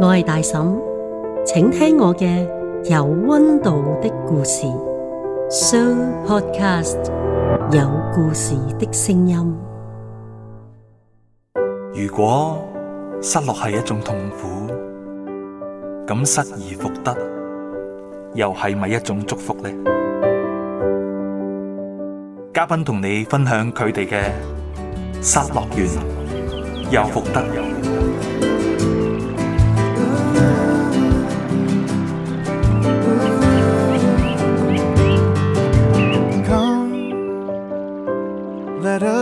我係大嬸，請聽我嘅有温度的故事。Show Podcast 有故事的聲音。如果失落係一種痛苦，咁失而復得，又係咪一種祝福呢？嘉賓同你分享佢哋嘅失落完又復得。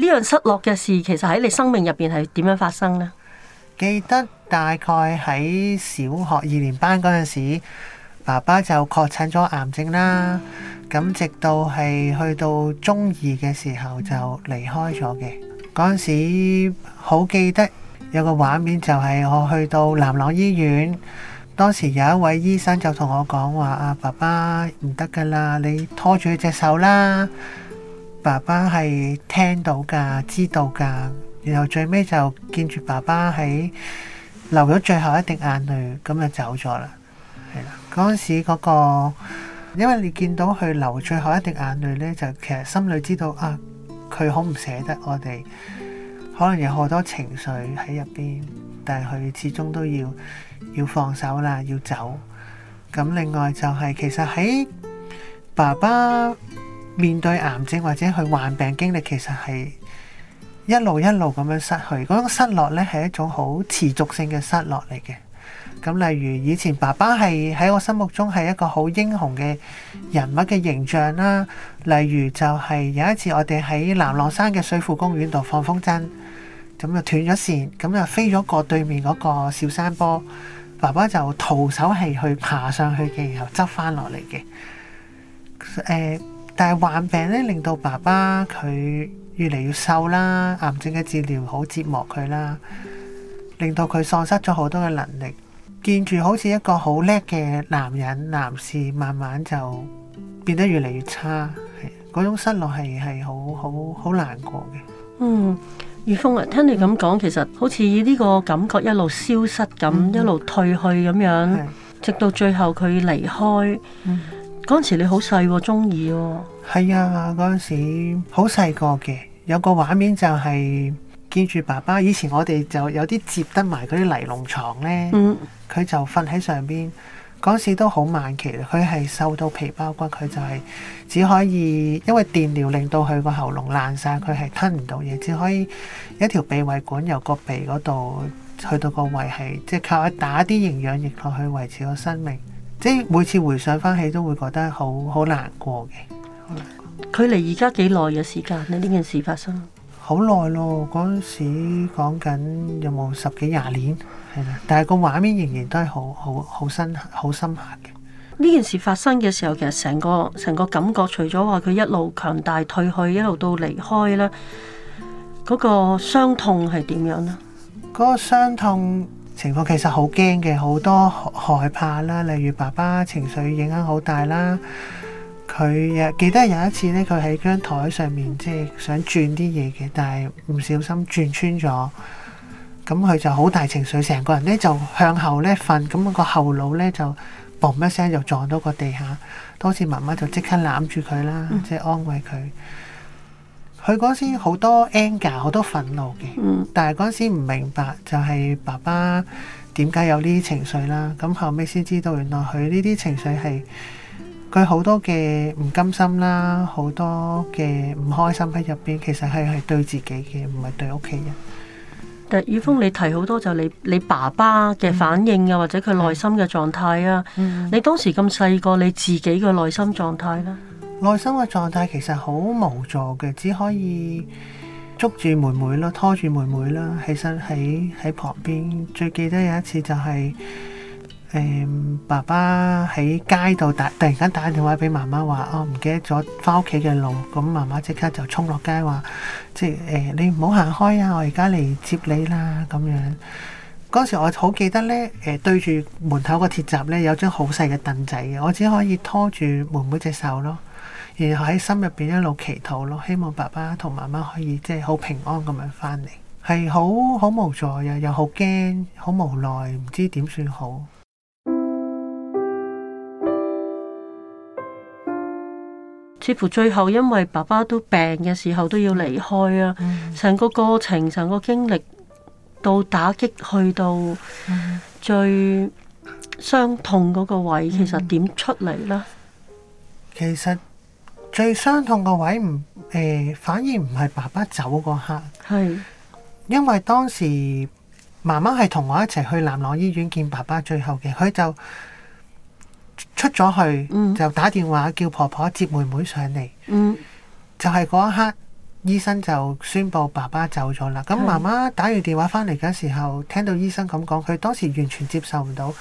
呢樣失落嘅事其實喺你生命入邊係點樣發生呢？記得大概喺小學二年班嗰陣時，爸爸就確診咗癌症啦。咁直到係去到中二嘅時候就離開咗嘅。嗰陣時好記得有個畫面就係我去到南朗醫院，當時有一位醫生就同我講話：阿、啊、爸爸唔得噶啦，你拖住佢隻手啦。爸爸係聽到㗎，知道㗎，然後最尾就見住爸爸喺流咗最後一滴眼淚，咁就走咗啦。係啦，嗰陣時嗰、嗰個，因為你見到佢流最後一滴眼淚呢，就其實心裏知道啊，佢好唔捨得我哋，可能有好多情緒喺入邊，但係佢始終都要要放手啦，要走。咁另外就係、係、其實喺爸爸。面對癌症或者佢患病經歷，其實係一路一路咁樣失去，嗰種失落呢，係一種好持續性嘅失落嚟嘅。咁例如以前爸爸係喺我心目中係一個好英雄嘅人物嘅形象啦。例如就係有一次我哋喺南朗山嘅水庫公園度放風箏，咁就斷咗線，咁就飛咗過對面嗰個小山坡，爸爸就徒手係去爬上去嘅，然後執翻落嚟嘅。誒、欸。但係患病咧，令到爸爸佢越嚟越瘦啦。癌症嘅治療好折磨佢啦，令到佢喪失咗好多嘅能力。見住好似一個好叻嘅男人、男士，慢慢就變得越嚟越差，係嗰種失落係係好好好難過嘅。嗯，如峰啊，聽你咁講，其實好似呢個感覺一路消失咁，嗯、一路退去咁樣，是直到最後佢離開。嗰陣、嗯、時你好細，中二喎。係啊！嗰陣時好細個嘅，有個畫面就係、是、見住爸爸。以前我哋就有啲接得埋嗰啲尼龍床咧，佢、嗯、就瞓喺上邊。嗰陣時都好晚期，佢係瘦到皮包骨，佢就係、是、只可以因為電療令到佢個喉嚨爛晒，佢係吞唔到嘢，只可以一條鼻胃管由個鼻嗰度去到個胃，係即係靠打啲營養液落去維持個生命。即係每次回想翻起都會覺得好好難過嘅。距離而家幾耐嘅時間咧？呢件事發生好耐咯，嗰陣時講緊有冇十幾廿年係啦，但係個畫面仍然都係好好好深好深刻嘅。呢件事發生嘅時候，其實成個成個感覺，除咗話佢一路強大退去，一路到離開咧，嗰個傷痛係點樣呢？嗰個傷痛情況其實好驚嘅，好多害怕啦，例如爸爸情緒影響好大啦。佢誒記得有一次咧，佢喺張台上面即係想轉啲嘢嘅，但係唔小心轉穿咗，咁佢就好大情緒，成個人咧就向後咧瞓，咁個後腦咧就嘣一聲就撞到個地下。當時媽媽就即刻攬住佢啦，即係安慰佢。佢嗰時好多 anger，好多憤怒嘅，但係嗰時唔明白就係爸爸點解有呢啲情緒啦。咁後尾先知道，原來佢呢啲情緒係。佢好多嘅唔甘心啦，好多嘅唔開心喺入邊，其實係係對自己嘅，唔係對屋企人。但宇峰，你提好多就你你爸爸嘅反應啊，嗯、或者佢內心嘅狀態啊，嗯、你當時咁細個你自己嘅內心狀態啦，內心嘅狀態其實好無助嘅，只可以捉住妹妹啦，拖住妹妹啦。其實喺喺旁邊最記得有一次就係、是。嗯、爸爸喺街度打突然間打電話俾媽媽話：哦唔記得咗翻屋企嘅路，咁媽媽即刻就衝落街話，即係、呃、你唔好行開啊！我而家嚟接你啦咁樣。嗰時我好記得呢誒、呃、對住門口個鐵閘呢，有張好細嘅凳仔嘅，我只可以拖住妹妹隻手咯，然後喺心入邊一路祈禱咯，希望爸爸同媽媽可以即係好平安咁樣翻嚟，係好好無助嘅，又好驚，好無奈，唔知點算好。似乎最後因為爸爸都病嘅時候都要離開啊，成、嗯、個過程、成個經歷到打擊，去到最傷痛嗰個位，嗯、其實點出嚟呢？其實最傷痛嘅位唔誒、呃，反而唔係爸爸走嗰刻，係是因為當時媽媽係同我一齊去南朗醫院見爸爸最後嘅，佢就。出咗去就打電話叫婆婆接妹妹上嚟， 就係嗰一刻醫生就宣布爸爸走咗啦。咁媽媽打完電話翻嚟嘅時候，聽到醫生咁講，佢當時完全接受唔到，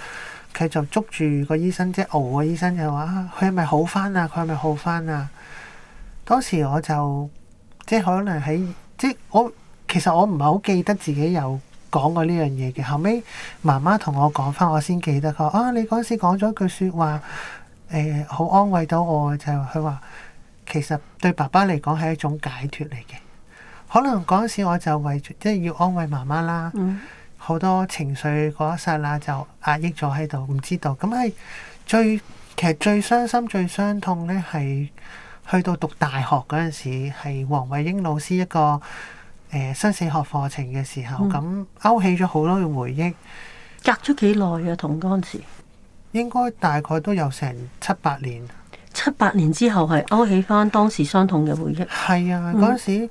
佢就捉住個醫生即係熬個醫生就話：佢係咪好翻啊？佢係咪好翻啊？當時我就即係可能喺即係我其實我唔係好記得自己有。講過呢樣嘢嘅，後尾，媽媽同我講返，我先記得佢話：啊，你嗰時講咗句説話，誒、呃，好安慰到我，就係佢話其實對爸爸嚟講係一種解脱嚟嘅。可能嗰陣時我就為即係要安慰媽媽啦，好、嗯、多情緒嗰一剎那，就壓抑咗喺度，唔知道。咁係最其實最傷心、最傷痛咧，係去到讀大學嗰陣時，係黃慧英老師一個。誒、呃，生死學課程嘅時候，咁、嗯、勾起咗好多嘅回憶。隔咗幾耐啊？同嗰陣時應該大概都有成七八年。七八年之後，係勾起翻當時傷痛嘅回憶。係、嗯、啊，嗰陣、嗯、時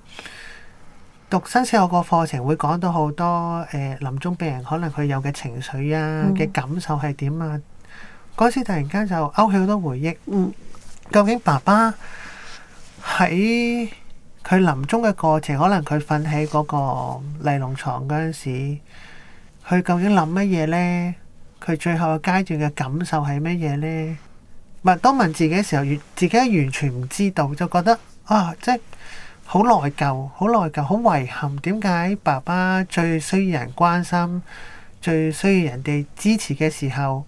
讀生死學個課程會講，會講到好多誒，臨終病人可能佢有嘅情緒啊，嘅、嗯、感受係點啊？嗰陣時突然間就勾起好多回憶。嗯嗯、究竟爸爸喺？佢臨終嘅過程，可能佢瞓喺嗰個尼龍牀嗰陣時，佢究竟諗乜嘢呢？佢最後嘅階段嘅感受係乜嘢呢？每當問自己嘅時候，自己完全唔知道，就覺得啊，即係好內疚、好內疚、好遺憾。點解爸爸最需要人關心、最需要人哋支持嘅時候，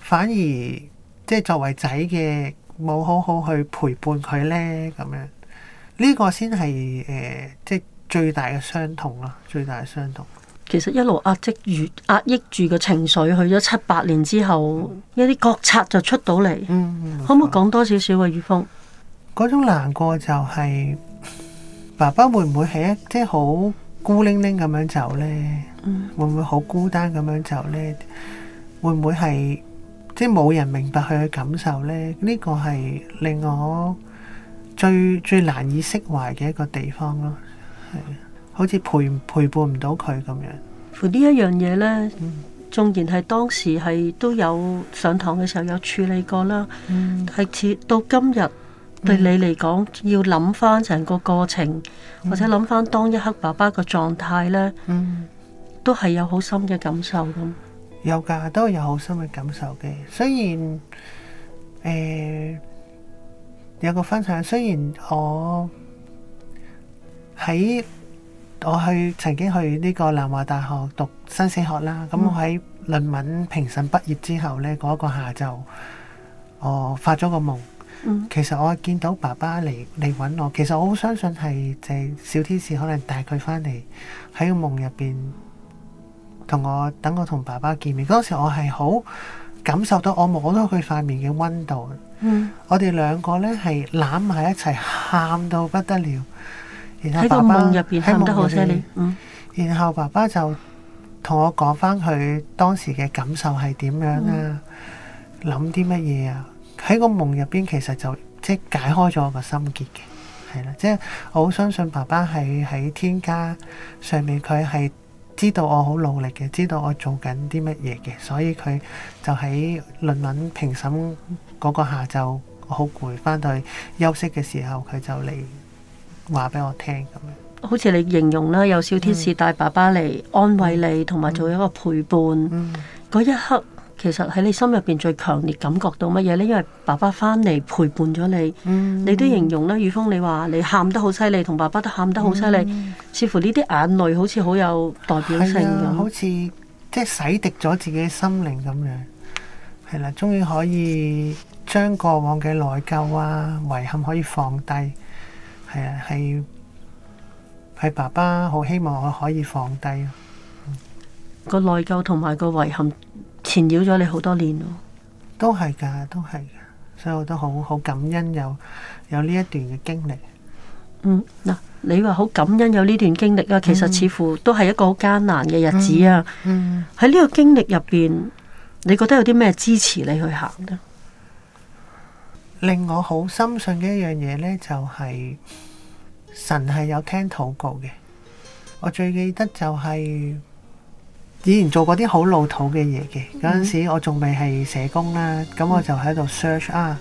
反而即係作為仔嘅冇好好去陪伴佢呢？咁樣。呢個先係誒，即係最大嘅傷痛啦，最大嘅傷痛。傷痛其實一路壓積、壓抑住個情緒，去咗七八年之後，mm hmm. 一啲覺察就出到嚟。嗯、mm，hmm. 可唔可以講多少少啊？葉峰嗰種難過就係、是、爸爸會唔會係一即係好孤零零咁樣走、mm hmm. 走呢？會唔會好孤單咁樣走呢？會唔會係即係冇人明白佢嘅感受呢？呢、這個係令我最最難以釋懷嘅一個地方咯，好似陪，陪陪伴唔到佢咁樣。呢一樣嘢呢，縱、嗯、然係當時係都有上堂嘅時候有處理過啦，係、嗯、至到今日對你嚟講、嗯、要諗翻成個過程，嗯、或者諗翻當一刻爸爸個狀態呢，嗯、都係有好深嘅感受咁。有噶，都有好深嘅感受嘅。雖然誒。呃有個分享，雖然我喺我去曾經去呢個南華大學讀生死學啦，咁我喺論文評審畢業之後呢，嗰個下晝我發咗個夢，其實我見到爸爸嚟嚟揾我，其實我好相信係就係小天使可能帶佢返嚟喺個夢入邊同我等我同爸爸見面，嗰時我係好感受到我摸到佢塊面嘅溫度。 我哋兩個呢係攬埋一齊，喊到不得了，然後喺個夢入邊喊得好犀利， 然後爸爸就同我講翻佢當時嘅感受係點樣啦，諗啲乜嘢啊？喺個、 啊、夢入邊其實就即係、就是、解開咗我個心結嘅，係啦，即、就、係、是、我好相信爸爸係喺天家上面，佢係。知道我好努力嘅，知道我做緊啲乜嘢嘅，所以佢就喺論文評審嗰個下晝好攰翻到去休息嘅時候，佢就嚟話俾我聽，咁樣。好似你形容啦，有小天使帶爸爸嚟安慰你，同埋、嗯、做一個陪伴嗰、嗯、一刻。其實喺你心入邊最強烈感覺到乜嘢呢？因為爸爸返嚟陪伴咗你，嗯、你都形容啦。雨峰你話你喊得好犀利，同爸爸都喊得好犀利，嗯、似乎呢啲眼淚好似好有代表性咁，啊，好似即係洗滌咗自己心靈咁樣。係啦，啊，終於可以將過往嘅內疚啊，遺憾可以放低。係啊，係，係爸爸好希望我可以放低、嗯、個內疚同埋個遺憾。纏繞咗你好多年都係噶，都係噶，所以我都好好感恩有有呢一段嘅經歷。嗯嗱，你話好感恩有呢段經歷啊，其實似乎都係一個好艱難嘅日子啊。喺呢、嗯嗯、個經歷入邊，你覺得有啲咩支持你去行咧？令我好深信嘅一樣嘢呢，就係、是、神係有聽禱告嘅。我最記得就係、是。以前做過啲好老土嘅嘢嘅，嗰陣、mm hmm. 時我仲未係社工啦，咁我就喺度 search 啊，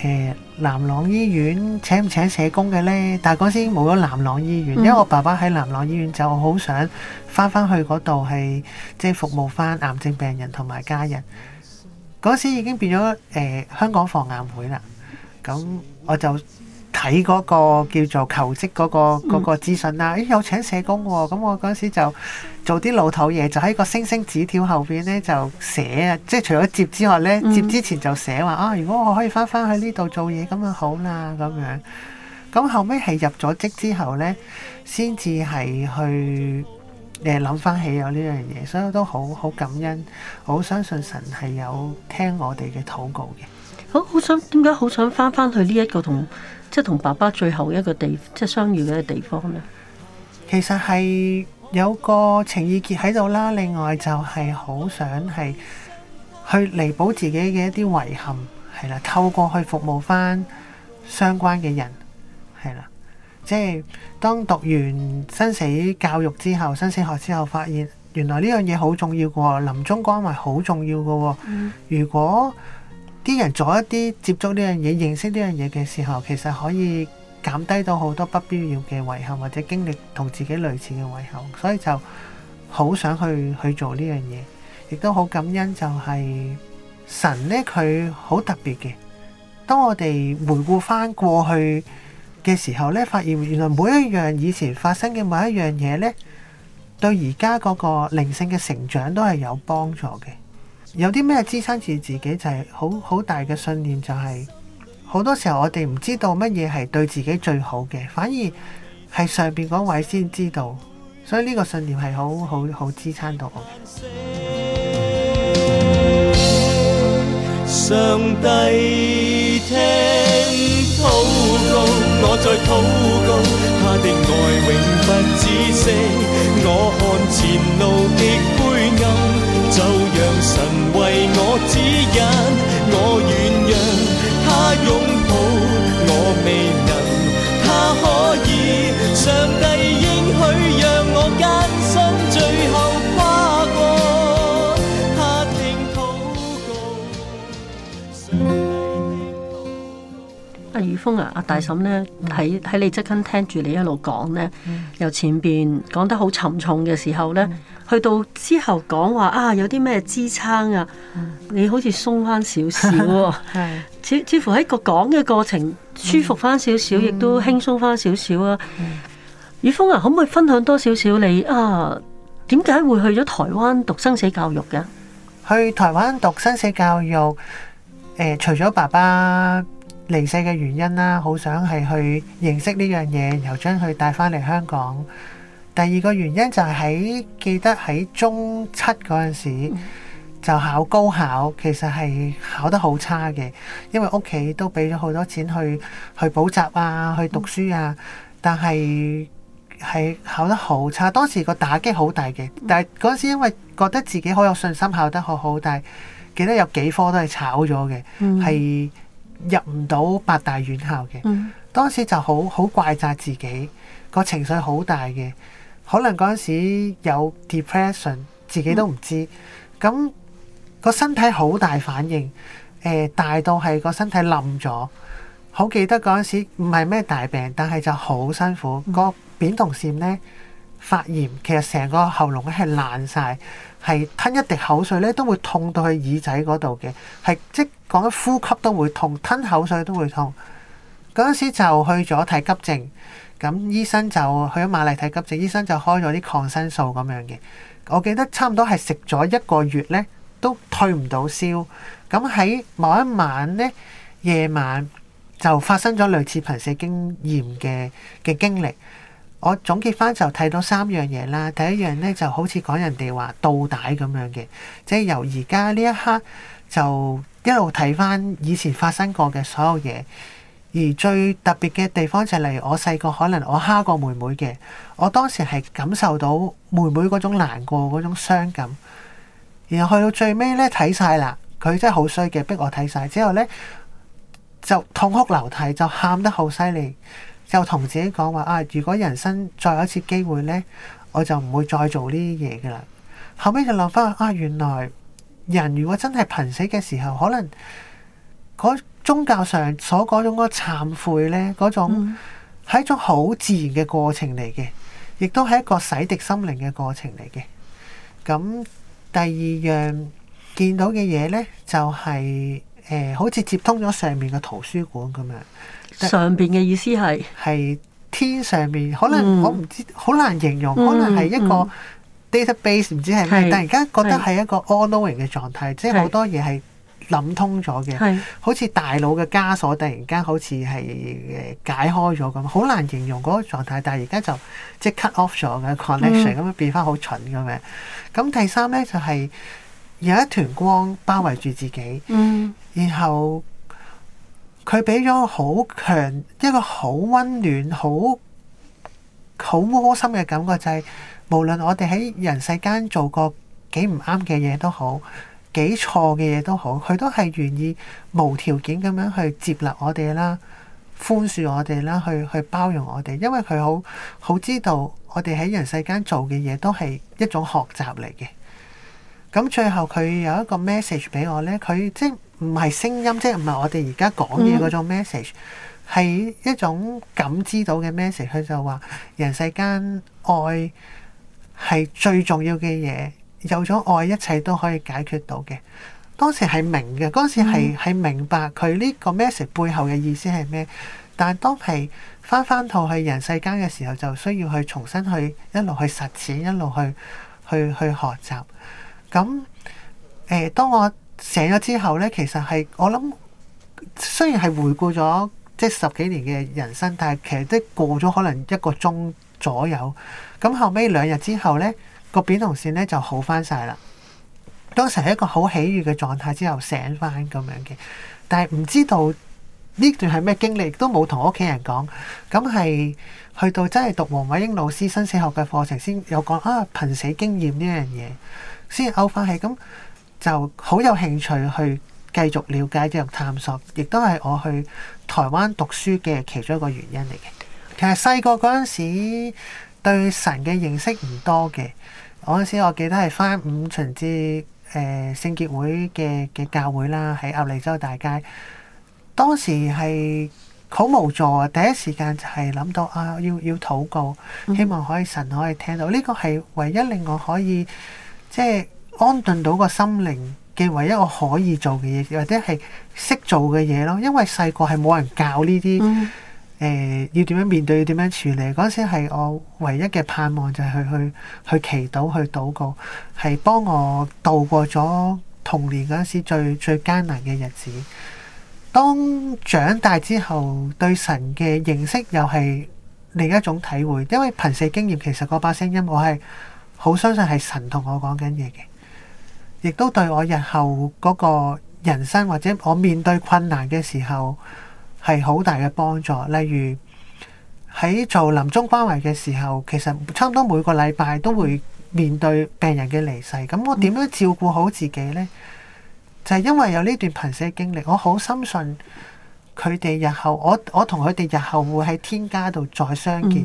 誒、呃、南朗醫院請唔請社工嘅呢？但嗰時冇咗南朗醫院，因為我爸爸喺南朗醫院，就好想翻返去嗰度係即係服務翻癌症病人同埋家人。嗰、mm hmm. 時已經變咗誒、呃、香港防癌會啦，咁我就，睇嗰個叫做求職嗰、那個嗰、那個資訊啦、啊。誒，有請社工喎、啊，咁我嗰時就做啲老土嘢，就喺個星星紙條後邊咧就寫啊，即係除咗接之外咧，接之前就寫話啊，如果我可以翻翻去呢度做嘢，咁啊好啦，咁樣咁後尾係入咗職之後咧，先至係去誒諗翻起有呢樣嘢，所以我都好好感恩，好相信神係有聽我哋嘅禱告嘅。好，好想點解，好想翻翻去呢一個同？即係同爸爸最後一個地，即係相遇嘅一個地方咧。其實係有個情意結喺度啦，另外就係好想係去彌補自己嘅一啲遺憾，係啦，透過去服務翻相關嘅人，係啦。即係當讀完生死教育之後，生死學之後，發現原來呢樣嘢好重要嘅，臨終關懷好重要嘅。如果啲人做一啲接觸呢樣嘢、認識呢樣嘢嘅時候，其實可以減低到好多不必要嘅遺憾，或者經歷同自己類似嘅遺憾，所以就好想去去做呢樣嘢，亦都好感恩就係神呢，佢好特別嘅。當我哋回顧翻過去嘅時候呢，發現原來每一樣以前發生嘅每一樣嘢呢，對而家嗰個靈性嘅成長都係有幫助嘅。有啲咩支撐住自己就係好好大嘅信念，就是，就係好多時候我哋唔知道乜嘢係對自己最好嘅，反而係上邊嗰位先知道，所以呢個信念係好好好支撐到我。上帝聽禱告，我在禱告。我我他的愛永不止息，我看前路極灰暗。就讓神為我指引，我願讓他擁抱我未能，他可以，上帝應許讓我艱辛最後跨過，他聽禱告。上帝聽禱告。阿雨峰啊，阿、啊、大嬸咧，喺喺、嗯、你側跟聽住你一路講咧，嗯、由前邊講得好沉重嘅時候咧。嗯去到之後講話啊，有啲咩支撐啊？嗯、你好似鬆翻少少喎，似似乎喺個講嘅過程舒服翻少少，亦、嗯、都輕鬆翻少少啊！嗯、雨峰啊，可唔可以分享多少少你啊？點解會去咗台灣讀生死教育嘅？去台灣讀生死教育，誒、呃，除咗爸爸離世嘅原因啦，好想係去認識呢樣嘢，然後將佢帶翻嚟香港。第二個原因就係喺記得喺中七嗰陣時、嗯、就考高考，其實係考得好差嘅，因為屋企都俾咗好多錢去去補習啊，去讀書啊，嗯、但係係考得好差。當時個打擊好大嘅，嗯、但係嗰陣時因為覺得自己好有信心考得好好，但係記得有幾科都係炒咗嘅，係、嗯、入唔到八大院校嘅。嗯、當時就好好怪責自己，個情緒好大嘅。可能嗰陣時有 depression，自己都唔知。咁個身體好大反應，誒、呃、大到係個身體冧咗。好記得嗰陣時唔係咩大病，但係就好辛苦。嗯、個扁桃腺咧發炎，其實成個喉嚨咧係爛晒，係吞一滴口水咧都會痛到去耳仔嗰度嘅，係即講緊呼吸都會痛，吞口水都會痛。嗰陣時就去咗睇急症。咁醫生就去咗瑪麗睇急症，醫生就開咗啲抗生素咁樣嘅。我記得差唔多係食咗一個月咧，都退唔到燒。咁喺某一晚咧，夜晚就發生咗類似瀕死經驗嘅嘅經歷。我總結翻就睇到三樣嘢啦。第一樣咧就好似講人哋話倒帶咁樣嘅，即係由而家呢一刻就一路睇翻以前發生過嘅所有嘢。而最特別嘅地方就係，例如我細個可能我蝦過妹妹嘅，我當時係感受到妹妹嗰種難過嗰種傷感。然後去到最尾咧睇晒啦，佢真係好衰嘅，逼我睇晒之後咧就痛哭流涕，就喊得好犀利，就同自己講話啊！如果人生再有一次機會咧，我就唔會再做呢啲嘢㗎喇。後尾就諗返啊，原來人如果真係瀕死嘅時候，可能宗教上所講嘅嗰個懺悔咧，嗰種係一種好自然嘅過程嚟嘅，亦都係一個洗滌心靈嘅過程嚟嘅。咁第二樣見到嘅嘢咧，就係、是、誒、呃、好似接通咗上面嘅圖書館咁樣。上邊嘅意思係係天上面，可能我唔知，好、嗯、難形容，嗯、可能係一個 database 唔知係咩，突然間覺得係一個 all-knowing 嘅狀態，即係好多嘢係。諗通咗嘅，是好似大腦嘅枷鎖突然間好似係誒解開咗咁，好難形容嗰個狀態。但係而家就即係、cut off 咗嘅 connection，咁樣變翻好蠢咁樣。咁、嗯、第三咧就係、是、有一團光包圍住自己，嗯、然後佢俾咗好強一個好溫暖、好好窩心嘅感覺，就係、是、無論我哋喺人世間做過幾唔啱嘅嘢都好。幾錯嘅嘢都好，佢都係願意無條件咁樣去接納我哋啦，寬恕我哋啦，去去包容我哋，因為佢好好知道我哋喺人世間做嘅嘢都係一種學習嚟嘅。咁最後佢有一個 message 俾我咧，佢即係唔係聲音，即係唔係我哋而家講嘢嗰種 message，係、mm. 一種感知到嘅 message。佢就話人世間愛係最重要嘅嘢。有咗愛，一切都可以解決到嘅。當時係明嘅，嗰時係明白佢呢、嗯、個 message 背後嘅意思係咩。但係當係翻翻到去人世間嘅時候，就需要去重新去一路去實踐，一路去去去學習。咁誒，當我醒咗之後咧，其實係我諗，雖然係回顧咗即十幾年嘅人生，但係其實即係過咗可能一個鐘左右。咁後尾兩日之後咧。個扁桃腺咧就好翻晒啦，當時係一個好喜悅嘅狀態之後醒翻咁樣嘅，但係唔知道呢段係咩經歷，都冇同屋企人講。咁係去到真係讀黃偉英老師生死學嘅課程先有講啊，瀕死經驗呢樣嘢先 out 翻起，咁就好有興趣去繼續了解、繼續探索，亦都係我去台灣讀書嘅其中一個原因嚟嘅。其實細個嗰陣時對神嘅認識唔多嘅。嗰陣時，我記得係翻五旬節誒聖潔會嘅嘅教會啦，喺鴨脷洲大街。當時係好無助啊！第一時間就係諗到啊，要要禱告，希望可以神可以聽到。呢個係唯一令我可以即係安頓到個心靈嘅唯一我可以做嘅嘢，或者係識做嘅嘢咯。因為細個係冇人教呢啲。誒、呃、要點樣面對？要點樣處理？嗰陣時係我唯一嘅盼望就，就係去去去祈禱、去禱告，係幫我度過咗童年嗰陣時最最艱難嘅日子。當長大之後，對神嘅認識又係另一種體會，因為憑死經驗其實嗰把聲音，我係好相信係神同我講緊嘢嘅，亦都對我日後嗰個人生或者我面對困難嘅時候。係好大嘅幫助，例如喺做臨終關懷嘅時候，其實差唔多每個禮拜都會面對病人嘅離世，咁我點樣照顧好自己呢？嗯、就係因為有呢段瀕死嘅經歷，我好深信佢哋日後，我我同佢哋日後會喺天家度再相見。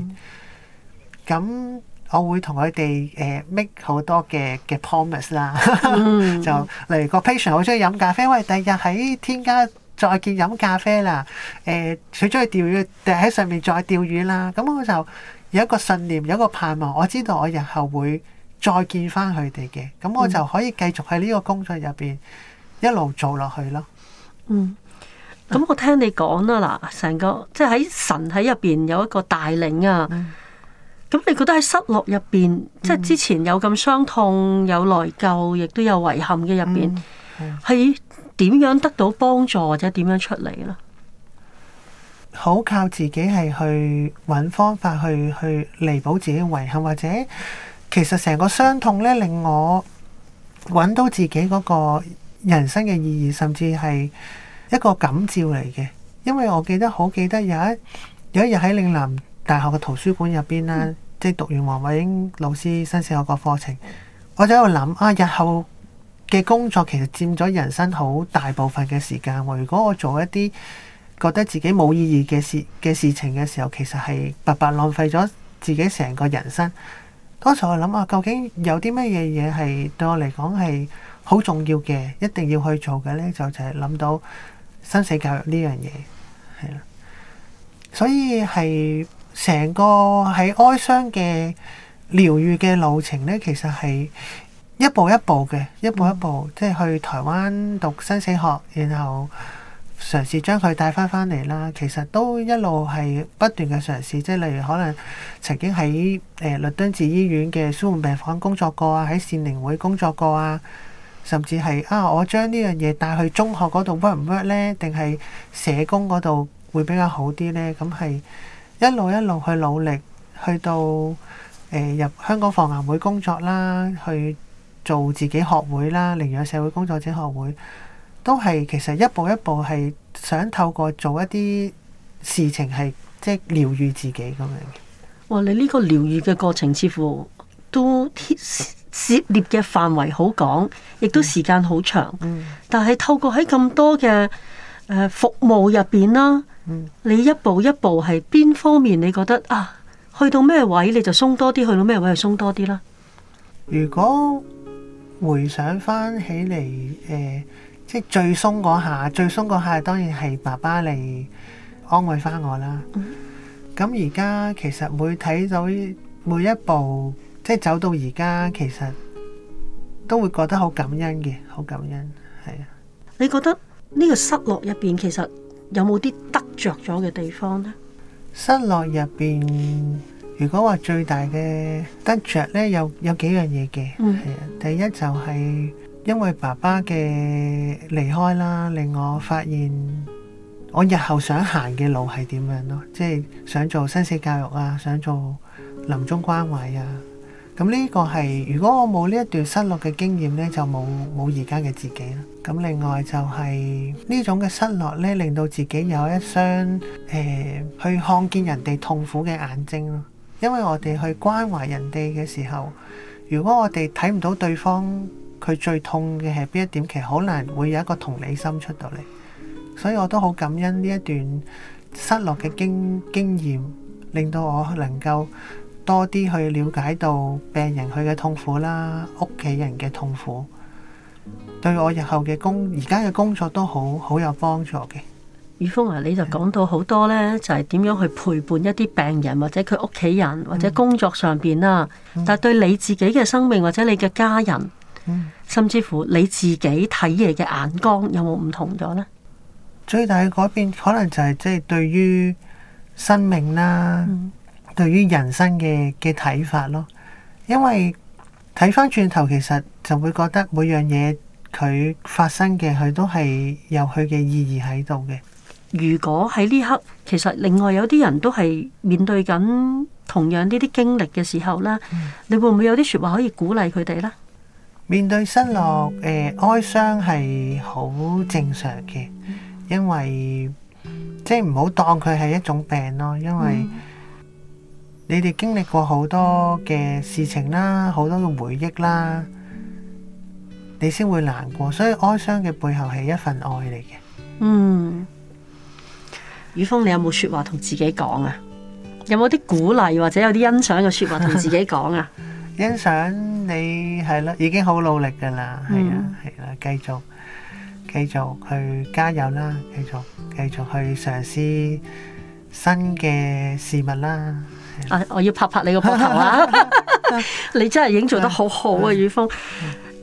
咁、嗯、我會同佢哋誒 make 好多嘅嘅 promise 啦， 就例如個 patient 好中意飲咖啡，喂，第日喺天家，再見飲咖啡啦，誒、呃，佢鍾意釣魚，定喺上面再釣魚啦。咁我就有一個信念，有一個盼望。我知道我日後會再見返佢哋嘅，咁我就可以繼續喺呢個工作入邊一路做落去咯。嗯，咁我聽你講啦，嗱，成個即係喺神體入邊有一個帶領啊。咁你覺得喺失落入邊，即係之前有咁傷痛、有內疚、亦都有遺憾嘅入邊，喺、嗯。嗯點樣得到幫助，或者點樣出嚟咯？好靠自己係去揾方法去去彌補自己嘅遺憾，或者其實成個傷痛呢，令我揾到自己嗰個人生嘅意義，甚至係一個感召嚟嘅。因為我記得好記得有一有一日喺嶺南大學嘅圖書館入邊啦，嗯、即係讀完黃偉英老師新視角個課程，我就喺度諗啊日後。嘅工作其實佔咗人生好大部分嘅時間，如果我做一啲覺得自己冇意義嘅事嘅事情嘅時候，其實係白白浪費咗自己成個人生。當時我諗下，啊，究竟有啲乜嘢嘢係對我嚟講係好重要嘅，一定要去做嘅呢？就就係諗到生死教育呢樣嘢，係啦。所以係成個喺哀傷嘅療愈嘅路程呢，其實係。，一步一步嘅，一步一步，即係去台灣讀生死學，然後嘗試將佢帶翻返嚟啦。其實都一路係不斷嘅嘗試，即係例如可能曾經喺誒律敦治醫院嘅舒緩病房工作過啊，喺善寧會工作過啊。甚至係啊，我將呢樣嘢帶去中學嗰度 work 唔 work 咧？定係社工嗰度會比較好啲咧？咁係一路一路去努力，去到、呃、入香港防癌會工作啦，去做自己學會啦，領養社會工作者學會都係，其實一步一步係想透過做一啲事情係即係療愈自己咁樣嘅。哇！你呢個療愈嘅過程似乎都涉涉獵嘅範圍好廣，亦都時間好長。嗯嗯，但係透過喺咁多嘅服務入邊啦，嗯嗯，你一步一步係邊方面你覺得啊，去到咩位你就鬆多啲，去到咩位就鬆多啲啦。如果回想翻起嚟，誒，即係最鬆嗰下，最鬆嗰下當然係爸爸嚟安慰翻我啦。咁而家其實每睇到每一步，即係走到而家，其實都會覺得好感恩嘅，好感恩。係啊，你覺得呢個失落入邊其實有冇啲得著咗嘅地方呢？失落入邊。如果話最大嘅得着呢，有有幾樣嘢嘅，係、嗯、第一就係因為爸爸嘅離開啦，令我發現我日後想行嘅路係點樣咯，即係想做生死教育啊，想做臨終關懷啊。咁呢個係如果我冇呢一段失落嘅經驗呢，就冇冇而家嘅自己啦。咁另外就係、是、呢種嘅失落呢，令到自己有一雙誒、呃、去看見人哋痛苦嘅眼睛咯。因為我哋去關懷人哋嘅時候，如果我哋睇唔到對方，佢最痛嘅係邊一點，其實好難會有一個同理心出到嚟。所以我都好感恩呢一段失落嘅經經驗，令到我能夠多啲去了解到病人佢嘅痛苦啦，屋企人嘅痛苦，對我日後嘅工，而家嘅工作都好好有幫助嘅。雨峰啊，你就講到好多呢，就係點樣去陪伴一啲病人，或者佢屋企人，或者工作上邊啦。嗯、但係對你自己嘅生命，或者你嘅家人，嗯、甚至乎你自己睇嘢嘅眼光，有冇唔同咗呢？最大嘅改變可能就係即係對於生命啦，嗯、對於人生嘅嘅睇法咯。因為睇翻轉頭，其實就會覺得每樣嘢佢發生嘅，佢都係有佢嘅意義喺度嘅。如果喺呢刻，其實另外有啲人都係面對緊同樣呢啲經歷嘅時候啦，嗯、你會唔會有啲説話可以鼓勵佢哋咧？面對失落、誒、嗯呃、哀傷係好正常嘅，嗯、因為即係唔好當佢係一種病咯。因為你哋經歷過好多嘅事情啦，好多嘅回憶啦，嗯、你先會難過。所以哀傷嘅背後係一份愛嚟嘅。嗯。宇峰，你有冇說話同自己講啊？有冇啲鼓勵或者有啲欣賞嘅說話同自己講啊？ 欣賞你係啦，已經好努力噶啦，係、嗯、啊，係啦、啊，繼續繼續去加油啦，繼續繼續去嘗試新嘅事物啦。啊，我要拍拍你個膊頭啦，你真係已經做得好好啊，宇峰。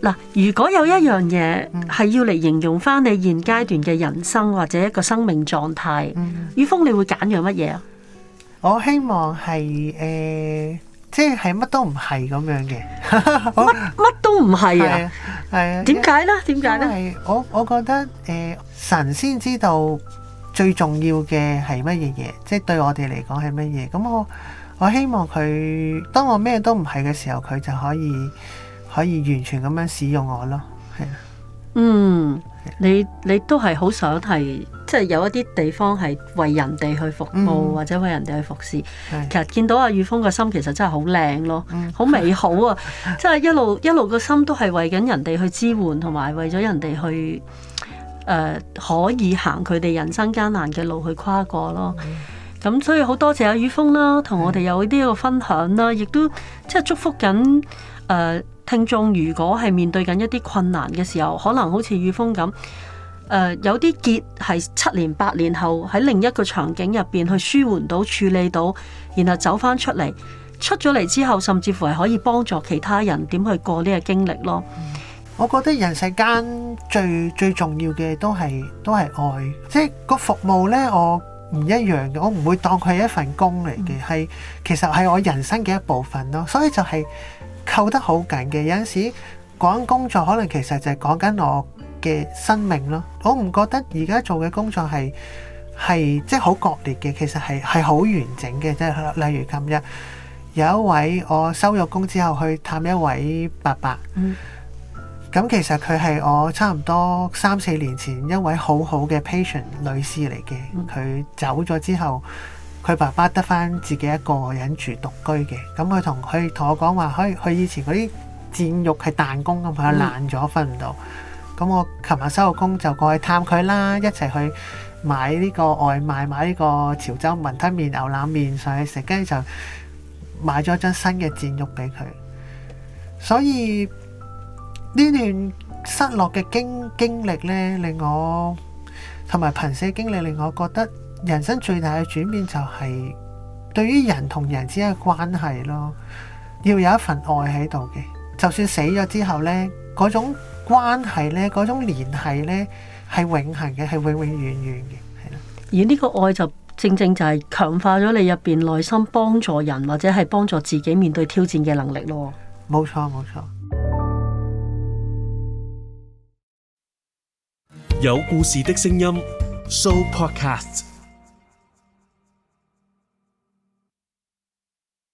嗱，如果有一樣嘢係要嚟形容翻你現階段嘅人生或者一個生命狀態，嗯、宇峰你會揀樣乜嘢啊？我希望係誒、呃，即係乜都唔係咁樣嘅，乜 乜都唔係啊，係啊，點解、啊、呢？點解呢？係我我覺得誒、呃，神先知道最重要嘅係乜嘢嘢，即係對我哋嚟講係乜嘢。咁我我希望佢，當我咩都唔係嘅時候，佢就可以。可以完全咁樣使用我咯，係啊，嗯，你你都係好想係即係有一啲地方係為人哋去服務、嗯、或者為人哋去服侍。的其實見到阿宇峰個心其實真係好靚咯，好、嗯、美好啊！即係的一路一路個心都係為緊人哋去支援，同埋為咗人哋去誒、呃、可以行佢哋人生艱難嘅路去跨過咯。咁、嗯、所以好多謝阿宇峰啦，同我哋有呢個分享啦，亦的都即係祝福緊誒。呃呃呃呃呃聽眾如果係面對緊一啲困難嘅時候，可能好似雨峰咁，誒，有啲結係七年、八年後喺另一個場景入邊去舒緩到、處理到，然後走翻出嚟，出咗嚟之後，甚至乎係可以幫助其他人點去過呢個經歷咯、嗯。我覺得人世間最最重要嘅都係都係愛，即係個服務咧，我唔一樣嘅，我唔會當佢係一份工嚟嘅，係、嗯、其實係我人生嘅一部分咯，所以就係、是。扣得好緊嘅，有陣時講工作可能其實就係講緊我嘅生命咯。我唔覺得而家做嘅工作係係即係好割裂嘅，其實係係好完整嘅。即係例如今日有一位我收咗工之後去探一位伯伯，咁、嗯、其實佢係我差唔多三四年前一位好好嘅 patient 女士嚟嘅，佢走咗之後。佢爸爸得返自己一個人住獨居嘅，咁佢同佢同我講話，佢佢以前嗰啲墊褥係彈弓咁，佢爛咗，瞓唔到。咁我琴日收咗工就過去探佢啦，一齊去買呢個外賣，買呢個潮州雲吞麵、牛腩麵上去食，跟住就買咗張新嘅墊褥俾佢。所以呢段失落嘅經經歷呢，令我同埋瀕死經歷令我覺得。人生最大嘅轉變就係對於人同人之間嘅關係咯，要有一份愛喺度嘅。就算死咗之後呢，嗰種關係呢，嗰種聯繫呢，係永恆嘅，係永永遠遠嘅，係啦。而呢個愛就正正就係強化咗你入邊內心幫助人或者係幫助自己面對挑戰嘅能力咯。冇錯，冇錯。有故事嘅聲音 Show Podcast。